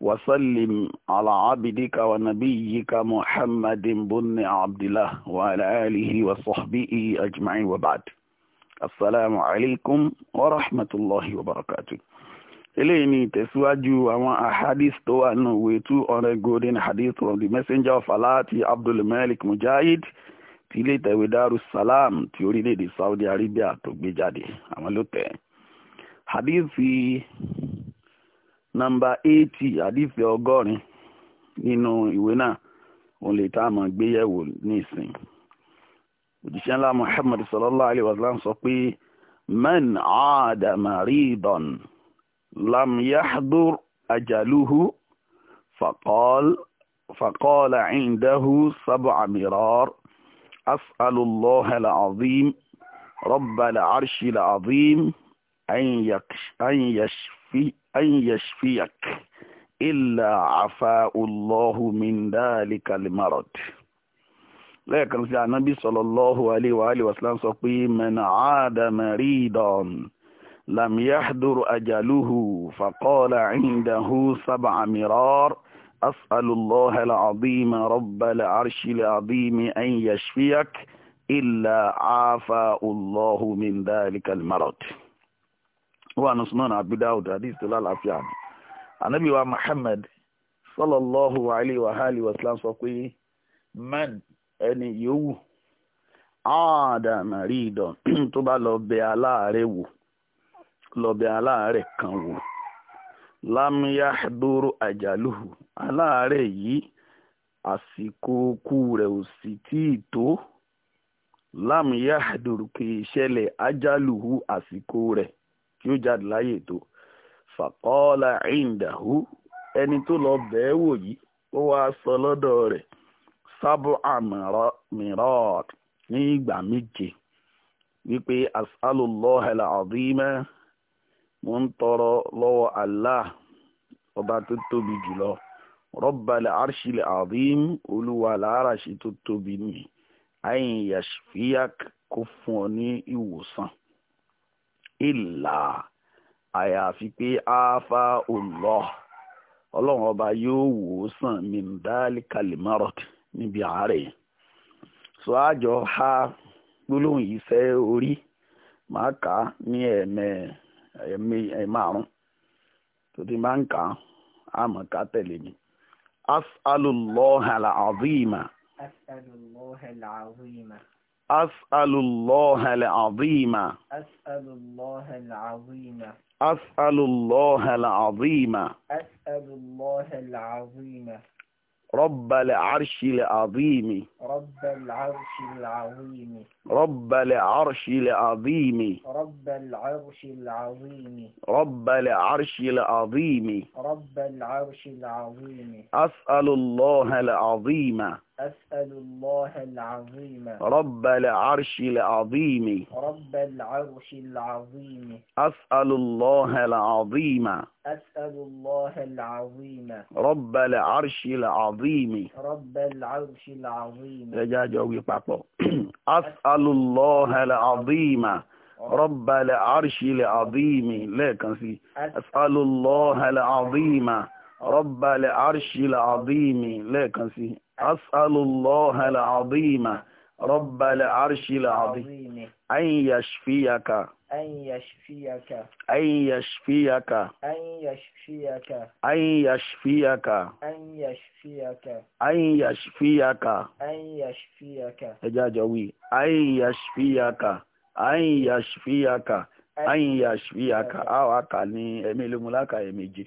وسلم على عبدك ونبيك محمد بن عبد الله وعلى آله وصحبه أجمعين وبعد السلام عليكم ورحمة الله وبركاته eléyìí ni ìtẹ̀síwájú àwọn ahadith tó wà nù wé two hundred golden hadith from the messenger of allah ti abdulmalik mujahid ti ilé ìtẹ̀wé darussalam ti orílẹ̀-èdè saudi arabia tó gbé jáde àwọn ló tẹ̀ hadithi nọ́mbà eighty àdìfẹ́ ọgọ́rin nínú ìwé náà òun lè tá a mọ̀ gbéyẹ̀wò nísìn òjíṣẹ́ ńlá Muhammad sallallahu alayhi wa sallam sọ pé man aada maridan lam yahdur ajaluhu faqal فقال عنده سبع مرار أسأل الله العظيم رب العرش العظيم أن, يكش أن يشفي أن يشفيك إلا عفاء الله من ذلك المرض لكن سيدنا النبي صلى الله عليه وآله وسلم سقي من عاد مريضا لم يحضر أجله فقال عنده سبع مرار أسأل الله العظيم رب العرش العظيم أن يشفيك إلا عافى الله من ذلك المرض wà ní sunan abidawud hadith tó lálàáfíà ni anabi wa muhammad sallallahu alayhi wa hali wa sallam sọ pé man ẹni yòówù áàdàmà rí ìdàn tó bá lọ bẹ aláàárẹ̀ wò lọ bẹ aláàárẹ̀ kan wò lámúyá dóró àjálùhù aláàárẹ̀ yìí àsìkò kú rẹ̀ ò sì tíì tó lámúyá yóò jáde láyè tó fàkọ́ọ́lá ìndàhú ẹni tó lọ bẹ́ẹ̀ wò yìí ó wá sọ lọ́dọ̀ rẹ̀ ní ìgbà méje wípé asálùlọ́hẹ̀lá mo ń tọrọ lọ́wọ́ ọba tó tóbi jùlọ rọ́bàlẹ̀ àrṣìlẹ̀ olúwa tó tóbi àyìn kó fún ìlà àyàfi pé afa olọ ọlọ́run ọba yóò wò ó sàn mindali kalimarot níbi àárẹ̀ so àjọ ha gbólóhùn yìí sẹ́ orí màá kà á ní ẹ̀ẹ̀márùn tó ti máa ń kà á àmọ́ ká azima أسأل الله العظيم أسأل الله العظيم أسأل الله العظيم أسأل الله العظيم رب العرش العظيم رب العرش العظيم رب العرش العظيم رب العرش العظيم رب العرش العظيم رب العرش العظيم أسأل الله العظيم أسأل الله العظيم رب العرش العظيم رب العرش العظيم أسأل الله العظيم أسأل الله العظيم رب العرش العظيم رب العرش العظيم رجاء جوي بابا أسأل الله العظيم رب العرش العظيم لا كان في أسأل الله العظيم rọ́bàlẹ̀ àrṣìlẹ̀ àdìmí lẹ́ẹ̀kan sí asàlùlọ́hàlẹ̀ àdìmá rọ́bàlẹ̀ àrṣìlẹ̀ àdìmí ayin yashfiyaka أن يشفيك أن يشفيك أن يشفيك أن يشفيك أن يشفيك أن يشفيك أن يشفيك أجاجوي أن يشفيك أن يشفيك أن يشفيك أو أكاني أمي لملاك أمي جي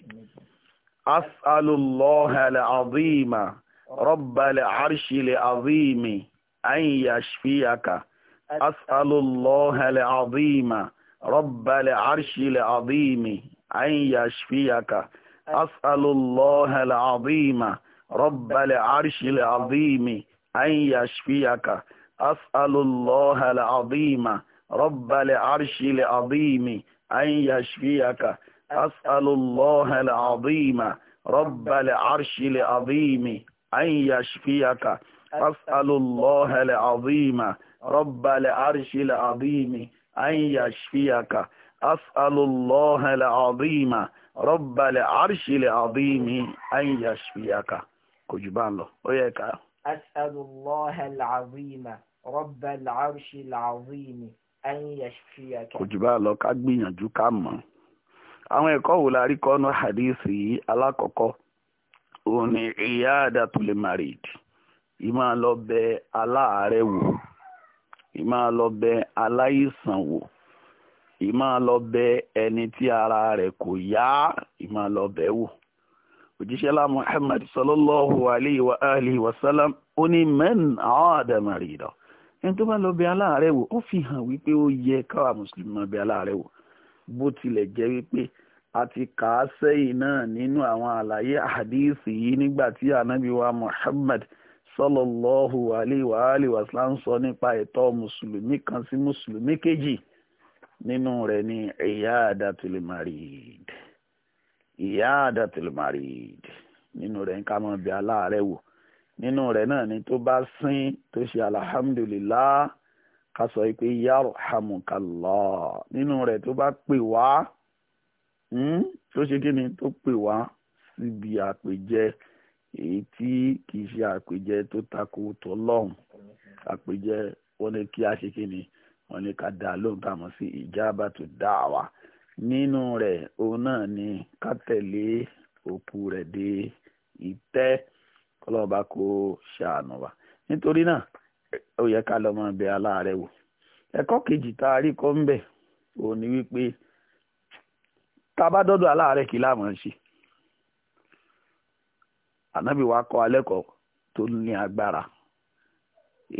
أسأل الله العظيم رب العرش العظيم أن يشفيك أسأل الله العظيم رب العرش العظيم أن يشفيك أسأل الله العظيم رب العرش العظيم أن يشفيك أسأل الله العظيم رب العرش العظيم أن يشفيك أسأل الله العظيم رب العرش العظيم أن يشفيك أسأل الله العظيم رب العرش العظيم أن يشفيك أسأل الله العظيم رب العرش العظيم أن يشفيك كجبان له وياك أسأل الله العظيم رب العرش العظيم أن يشفيك كجبان له كجبان له àwọn ẹ̀kọ́ wo la rí kọ́nù hadisi yìí alákọ̀ọ́kọ́ òun ni iyadatul marid ìmọ̀ lọ bẹ aláàárẹ̀ wò lọ bẹ aláìsàn wò lọ bẹ ẹni tí ara rẹ̀ kò yá ìmọ̀ lọ bẹ wò òjíṣẹ́ lá sallallahu wa alihi wa salam ó ní ẹni tó bá lọ bẹ aláàárẹ̀ wò ó fi hàn wípé ó yẹ káwa bó tilẹ̀ jẹ́ wípé a ti kà á sẹ́yìn náà nínú àwọn àlàyé àdíìsì yìí nígbà tí ànábì wa Muhammad sọlọ́lọ́hù aléwàálì wàsílà ń sọ nípa ẹ̀tọ́ mùsùlùmí kan sí mùsùlùmí kejì nínú rẹ̀ ní ìyá àdàtúlùmárìd ìyá àdàtúlùmárìd nínú rẹ̀ ń ká mọ́ bí aláàárẹ̀ wò nínú rẹ̀ náà ni tó bá sín tó ṣe alhamdulillah ká sọ pé yarhamukallah nínú rẹ tó bá pè wá hmm, tó ṣe kí ni tó pè wá síbi àpèjẹ èyí tí kìí ṣe àpèjẹ tó takò tọlọ́hun àpèjẹ wọn ni kí a ṣe kí ni wọn ni ká dá lóhùn tá a mọ̀ sí ìjábá tó wa nínú òun náà ni ká tẹ̀lé òpù rẹ̀ dé ìtẹ́ kọlọ́ọ̀bá kó ṣàánú wa nítorí náà ó yẹ ká lọ́mọ bẹ aláàárẹ̀ wò ẹ̀kọ́ kejì tá a rí kọ́ ń bẹ̀ òun ni wípé tá a bá dọ́dọ̀ aláàárẹ̀ kí láàmú ṣe ànábì wa kọ́ alẹ́ tó ní agbára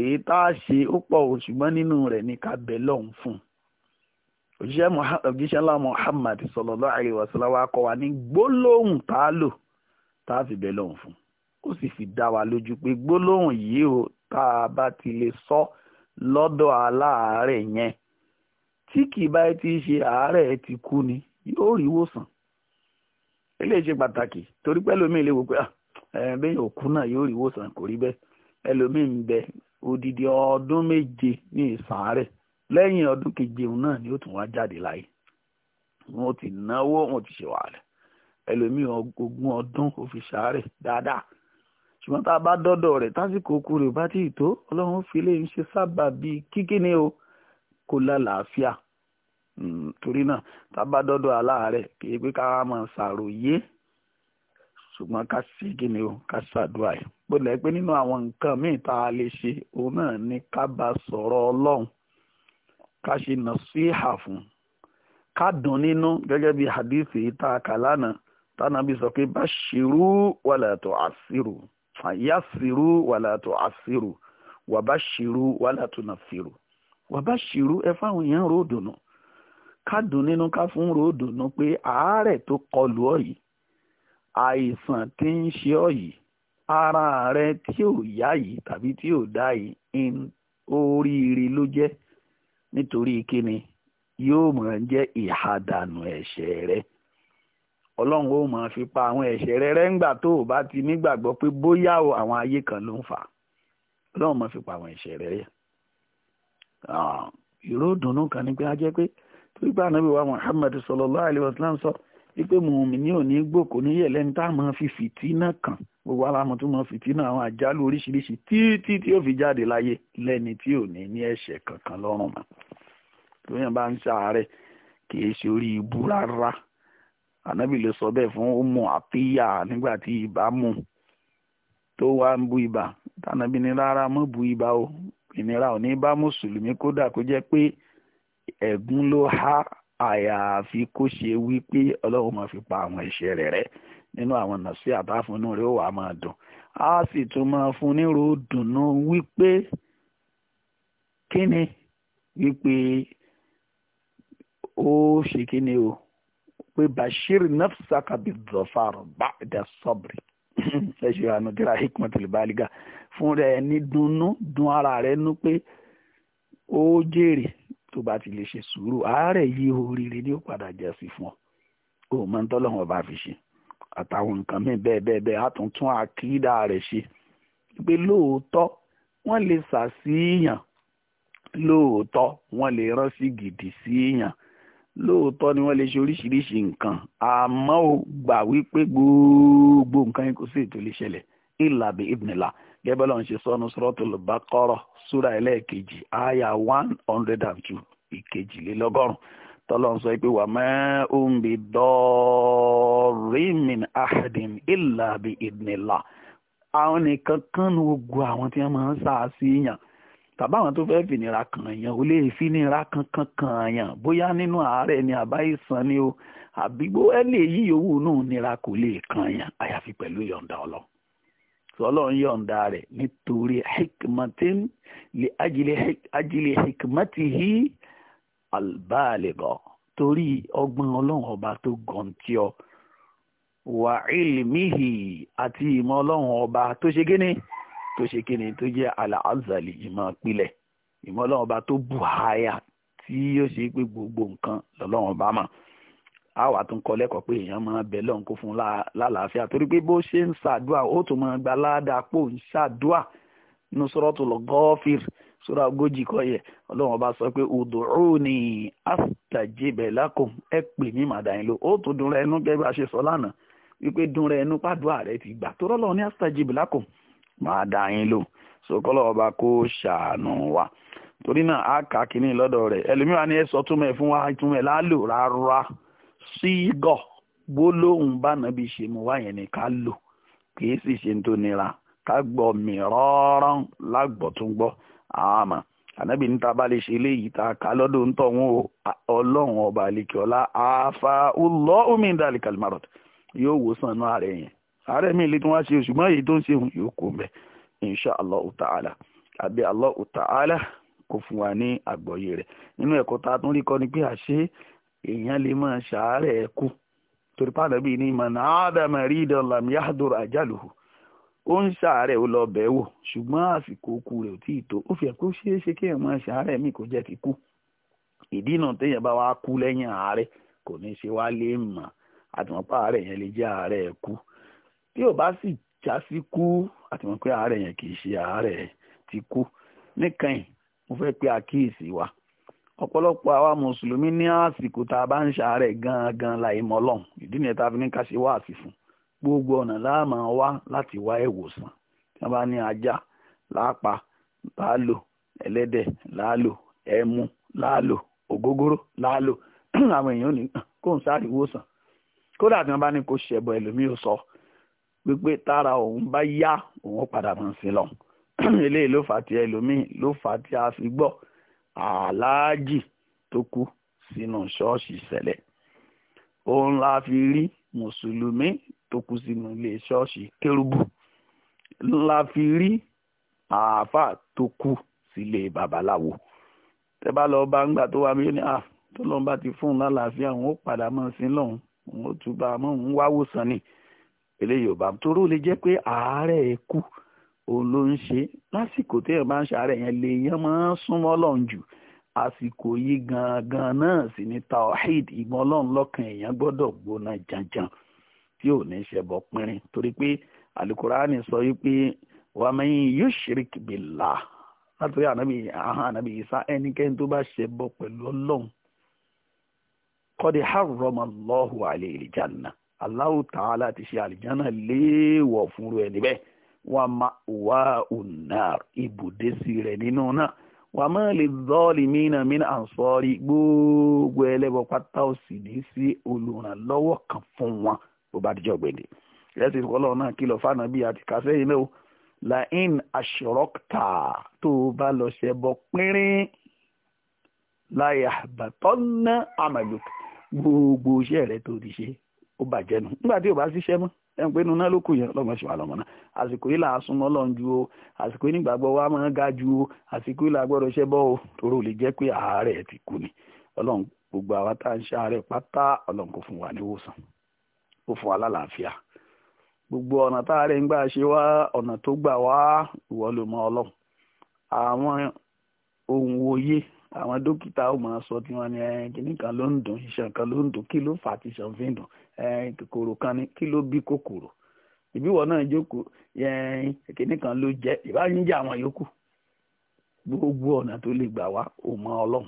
èyí tá a ṣe ó pọ̀ o ṣùgbọ́n nínú rẹ̀ ní ká bẹ̀ lọ́hùn fún òjíṣẹ́ ńlá Muhammad sallallahu alaihi wasallam wa kọ́ wa ní gbólóhùn tá a lò tá a fi bẹ̀ lọ́hùn fún ó sì fi dá wa lójú pé gbólóhùn yìí o tá a bá ti lè sọ lọ́dọ̀ aláàárẹ̀ yẹn tí kì bá ti ṣe àárẹ̀ ti kú ni yóò rí ìwòsàn eléyìí ṣe pàtàkì torí pé ẹlòmíì lè wò pé ah, bẹ́ẹ̀ òkú náà yóò rí ìwòsàn kò rí bẹ́ẹ̀ ẹlòmíì ń bẹ odidi ọdún méje ní ìsàárẹ̀ lẹ́yìn ọdún keje òun náà ni ó tún wá jáde láyé wọn ti náwó wọn ti ṣe wàhálà ẹlòmíì ogún ọdún ó fi ṣàárẹ̀ dáadáa ṣùgbọ́n tá a bá dọ́dọ̀ rẹ̀ tásìkò okú rẹ̀ bá tó ọlọ́run fi lè ń ṣe sábà bíi kíkíni o kó lálàáfíà hmm, torí náà tá a bá dọ́dọ̀ aláàárẹ̀ kì í pé ká máa ṣàròyé ṣùgbọ́n ká sí kíni o ká ṣàdúrà ẹ̀ pé nínú àwọn nǹkan míì tá a lè ṣe òun náà ni ká bá sọ̀rọ̀ ọlọ́run ká ṣe fún ká dùn fàyàsírù wàlàtò àsírù wàbáṣírù wàlàtò nàfírù wàbáṣírù ẹ fáwọn èèyàn ròdùnú ká dùn nínú ká fún ròdùnú pé àárẹ̀ tó kọlù ọ yìí àìsàn tí ń ṣe ọ yìí ara rẹ tí ò yá yìí tàbí tí ò dá yìí oríire ló jẹ́ nítorí kíni yóò mọ̀ jẹ́ ìhàdànù ẹ̀ṣẹ̀ rẹ̀ ọlọ́run ó máa fi pa àwọn ẹ̀ṣẹ̀ rẹ rẹ́ngbà tó o bá ti nígbàgbọ́ pé bóyá o àwọn ayé kan ló ń fà ọlọ́run máa fi pa àwọn ẹ̀ṣẹ̀ rẹ rẹ́ ìró ìdùnnú kan ni pé a jẹ́ pé torí pé ànábì wa Muhammad sallallahu alaihi wasallam sọ wípé mùmíní ò ní gbòkó níyẹ̀ lẹ́ni tá a máa fi fìtínà kan gbogbo aláàmú tó máa fìtínà àwọn àjálù oríṣiríṣi títí tí ó fi jáde láyé lẹ́ni tí ò ní ní ẹ̀ṣẹ̀ kankan lọ́rùn mọ́ tóyàn bá ń ṣàárẹ̀ kì í ṣe orí ibú rárá ànábì ló sọ bẹ́ẹ̀ fún ọmọ àtìyà nígbà tí ibà mú tó wá ń bu ibà tànàbí ni rárá mọ́ bu ibà o ìnira ò ní bá mùsùlùmí kódà kó jẹ́ pé ẹ̀gún ló há àyàfi kó ṣe wí pé ọlọ́run máa fi pa àwọn ẹ̀ṣẹ̀ rẹ̀ rẹ́ nínú àwọn nàṣí àbáfúnú rẹ̀ ó wà máa dùn á sì tún máa fún nírò dùnú wípé kíni wípé ó ṣe kíni o pé bashir nafsaka bi zọfar ba'da sabri ẹ ṣe àánú tíra hikmatul baliga fún rẹ ní dunnú dun ara rẹ nú pé ó jèrè tó bá ti lè ṣe sùúrù àárẹ̀ yìí oríire ni ó padà jẹ́ sí fún ọ ó máa ń tọ́lọ́wọ́n bá fi ṣe àtàwọn nǹkan míì bẹ́ẹ̀ bẹ́ẹ̀ bẹ́ẹ̀ á àkídà rẹ̀ ṣe pé lóòótọ́ wọ́n lè sà lóòótọ́ wọ́n lè rán sí gidi sí Si lóòótọ́ ni wọ́n lè ṣe oríṣiríṣi nǹkan àmọ́ ó gbà wípé gbogbo nǹkan yẹn kò sí ètò lè ṣẹlẹ̀ ìlà bí ibnìlá gẹ́gẹ́ bọ́lá ń ṣe sọ́nu suratul Baqara súra ẹlẹ́ẹ̀kejì àyà one hundred and two ìkejìlélọ́gọ́rùn tọ́lọ́ ń sọ pé wà ma um bi darrin min ahadin ìlà bí ibnìlá àwọn nìkan kan ní gbogbo àwọn tí wọ́n máa ń sàásì yàn tàbáwọn tó fẹ́ẹ́ fìnira kàn yàn ò lè fìnira kankan kàn yàn bóyá nínú àárẹ̀ ni àbá ìsàn ni o àbí bóyá lè yí yòówù náà nira kò lè kàn yàn àyàfi pẹ̀lú yọ̀ǹda ọlọ́run tí ọlọ́run yọ̀ǹda rẹ̀ nítorí hikmatin li ajili hikmatihi albaligọ torí ọgbọ́n ọlọ́run ọba tó gọ̀ǹtìọ́ wà ilmihi àti ìmọ̀ ọlọ́run ọba tó ṣe gíní tó ṣe kí ni tó jẹ́ al-azali ìmọ̀ pilẹ̀ ìmọ̀ ọlọ́run ọba tó bù háyà tí yóò ṣe pé gbogbo nǹkan lọ́lọ́run ọba mọ̀ a wà tún kọ lẹ́kọ̀ọ́ pé èèyàn máa bẹ̀ lọ́run kó fún lálàáfíà torí pé bó ṣe ń ṣàdúà ó tún máa gba ládàá pò ń ṣàdúà nínú Suratul Ghafir sura ogójì kọ yẹ ọlọ́run ọba sọ pé ud'uni astajib lakum ẹ pè mí màdà yín ló ó tún dùn rẹ ẹnu gẹ́gẹ́ bá ṣe sọ lánàá wípé dùn rẹ ẹnu pàdúà rẹ ti gbà tó rọ́lọ́run ní astajib lakum máa dá yín lò sọkọlọ ọba kó ṣàánú wa torí náà a kà kínní lọ́dọ̀ rẹ̀ ẹlòmíràn ni ẹ sọ túmọ̀ ẹ̀ fún wa ìtumọ̀ ẹ̀ lálò rárá sígọ̀ gbólóhùn bá nàbí ṣe mu wá yẹn ni ká lò kìí sì ṣe tó nira ká gbọ́ mi rọ́rọ́ lágbọ̀ tó ń gbọ́ àmọ́ ànábì níta bá lè ṣe eléyìí ta ká lọ́dọ̀ ń tọ̀hún ọlọ́run ọba àlekèọ́lá àfà ọlọ́ọ̀mí ìdálẹ́kàlùmárọ̀t yóò wò sànú àárẹ̀ mi lè tún wá ṣe o ṣùgbọ́n èyí tó ń ṣe òun yóò kó mẹ́ insha allah ta'ala àbí allah ta'ala kò fún wa ní àgbọ́yé rẹ̀ nínú ẹ̀kọ́ tá a tún rí kọ́ ni pé àṣé èèyàn lè máa ṣàárẹ̀ ẹ̀ kú torí pàdé bíi ní man adama ridan lam yahdur ajaluhu ó ń ṣàárẹ̀ ó lọ bẹ̀ẹ́ wò ṣùgbọ́n àsìkò kú rẹ̀ ò tí ì tó ó fi hàn ṣeé ṣe kéèyàn máa ṣàárẹ̀ mí kó jẹ́ kíkú ìdí náà téèyàn bá wá kú lẹ́yìn àárẹ̀ kò ní ṣe wá lè mọ̀ àtìmọ́pá àárẹ̀ yẹn lè jẹ́ àárẹ̀ kú tí ò bá sì já sí kú àti mọ̀ pé àárẹ̀ yẹn kì í ṣe àárẹ̀ ti kú nìkan yìí mo fẹ́ pe àkíyèsí wa ọ̀pọ̀lọpọ̀ àwa mùsùlùmí ní àsìkò tá a bá ń ṣàárẹ̀ gan-an láì mọ Ọlọ́run ìdí nìyẹn tá a fi ní ká ṣe wá àsìfún gbogbo ọ̀nà láàmà wá láti wá ìwòsàn tí wọ́n bá ní ajá lápá láàlò ẹlẹ́dẹ̀ láàlò ẹmu láàlò ògógóró láàlò àwọn èèyàn ní kó ń sáré ìwòsàn kódà tí wọ́n bá ní kó ṣẹbọ ẹlòmíì sọ wípé tára òun bá yá òun padà mọ̀ sí lọ eléyìí ló fà á tí ẹlòmíì ló fà á tí a fi gbọ́ aláàjì tó kú sínú ṣọ́ọ̀ṣì ṣẹlẹ̀ òun la fi rí mùsùlùmí tó kú sínú ilé ṣọ́ọ̀ṣì kérúbù la fi rí àáfàá tó kú sílé babaláwo tẹ bá lọ bá ń gbà tó wà mí ní à ah, tó lọ́n bá ti fún un lálàáfíà òun ó padà mọ́ sí lọ́hùn òun ó tún bá a mọ́ òun wá ni. pele ò bá toró lè jẹ́ pé àárẹ̀ ikú òun ló ń ṣe lásìkò téèyàn bá ń ṣàárẹ̀ yẹn lèèyàn máa ń súnmọ́ Ọlọ́run jù àsìkò yìí gangan náà sì ni tawhid ìmọ̀ Ọlọ́run lọ́kàn èèyàn gbọ́dọ̀ gbóná janjan tí ò ní ṣẹbọ pinrin torí pé alukurani sọ wípé wa man yushrik billah látọ̀rí ànábì ahọ́n ànábì Ìsá ẹnikẹ́ni tó bá ṣẹbọ pẹ̀lú Ọlọ́run kọ́dí harrama alayhi Allah Ta'ala ti ṣe àlìjánà léèwọ̀ fúnru ẹ̀ níbẹ̀ wà má wà ònà ibùdé sí rẹ̀ nínú náà wà má lè zọ́ọ̀lì mìíràn mìíràn ànsọ́rí gbogbo ẹlẹ́bọ pátá ò sì ní sí olùrànlọ́wọ́ kan fún wọn bó bá dijọ́ gbèdé ìrẹsì ìfọlọ́ náà kìlọ̀ fáànà bíi àtìkásẹ́ yìí náà lain aṣọ́rọ́kta tó bá lọ ṣẹbọ pínrín láyà bàtọ́nà àmàlùk gbogbo iṣẹ́ rẹ tó ti ṣe ó bàjẹ́ nu nígbà tí ò bá ṣiṣẹ́ mọ́ ẹn pé nuná ló kù yẹn lọ́mọ ṣùgbọ́n àlọ́mọ náà àsìkò yìí là á súnmọ́ Ọlọ́run ju o àsìkò yìí nígbàgbọ́ wa máa ń ga ju o àsìkò yìí là gbọ́dọ̀ ṣẹ́ bọ́ o tòró lè jẹ́ pé àárẹ̀ ti kú ni Ọlọ́run gbogbo àwa tá à ń ṣàárẹ̀ pátá Ọlọ́run kò fún wa ní ìwòsàn kò fún wa lálàáfíà gbogbo ọ̀nà tá a rẹ̀ ń gbà ṣe wá ọ̀nà tó gbà wá ìwọ Ọlọ́run àwọn ohun òye àwọn dókítà ó máa sọ tí wọ́n ní kíní kan ló ń dùn iṣan kan ló ń dùn kí ló fà tí iṣan fi ń dùn kòkòrò kan ní kí ló bí kòkòrò ìbíwọ náà jókòó kíní kan ló jẹ ìbáyín jẹ àwọn yòókù gbogbo ọ̀nà tó lè gbà wá ò mọ ọlọ́run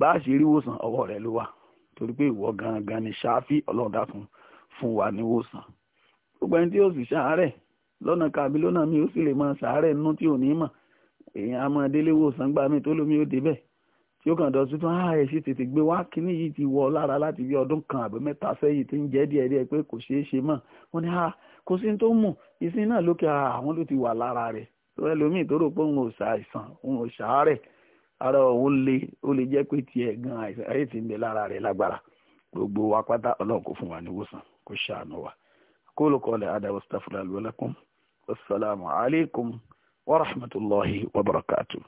bá a ṣe rí wòsàn ọwọ́ rẹ ló wà torí pé ìwọ gangan ni ṣááfì ọlọ́run dákun fún wa ní wòsàn gbogbo ẹni tí ó sì ṣàárẹ̀ lọ́nà kàbí lọ́nà mi ó sì lè máa ṣàárẹ̀ nínú tí ò ní mọ̀ èèyàn àmọ́ délé wòsàn gbà mí tó lómi ó débẹ̀ tí ó kàn dọ̀ sí tún ah, tètè gbé wá kíní yìí ti wọ lára láti bí ọdún kan àbí mẹ́ta sẹ́yìn tí ń jẹ́ díẹ̀ díẹ̀ pé kò ṣeé ṣe mọ́ wọ́n ní ah, kò sí tó ìsìn náà ah, àwọn ló ti wà lára rẹ̀ tó pé òun ò ṣàìsàn òun ò ṣàárẹ̀ ara òun le ó lè jẹ́ pé tiẹ̀ gan àìsàn ayé ti ń bẹ rẹ̀ lágbára gbogbo wa pátá ọlọ́run ورحمة الله وبركاته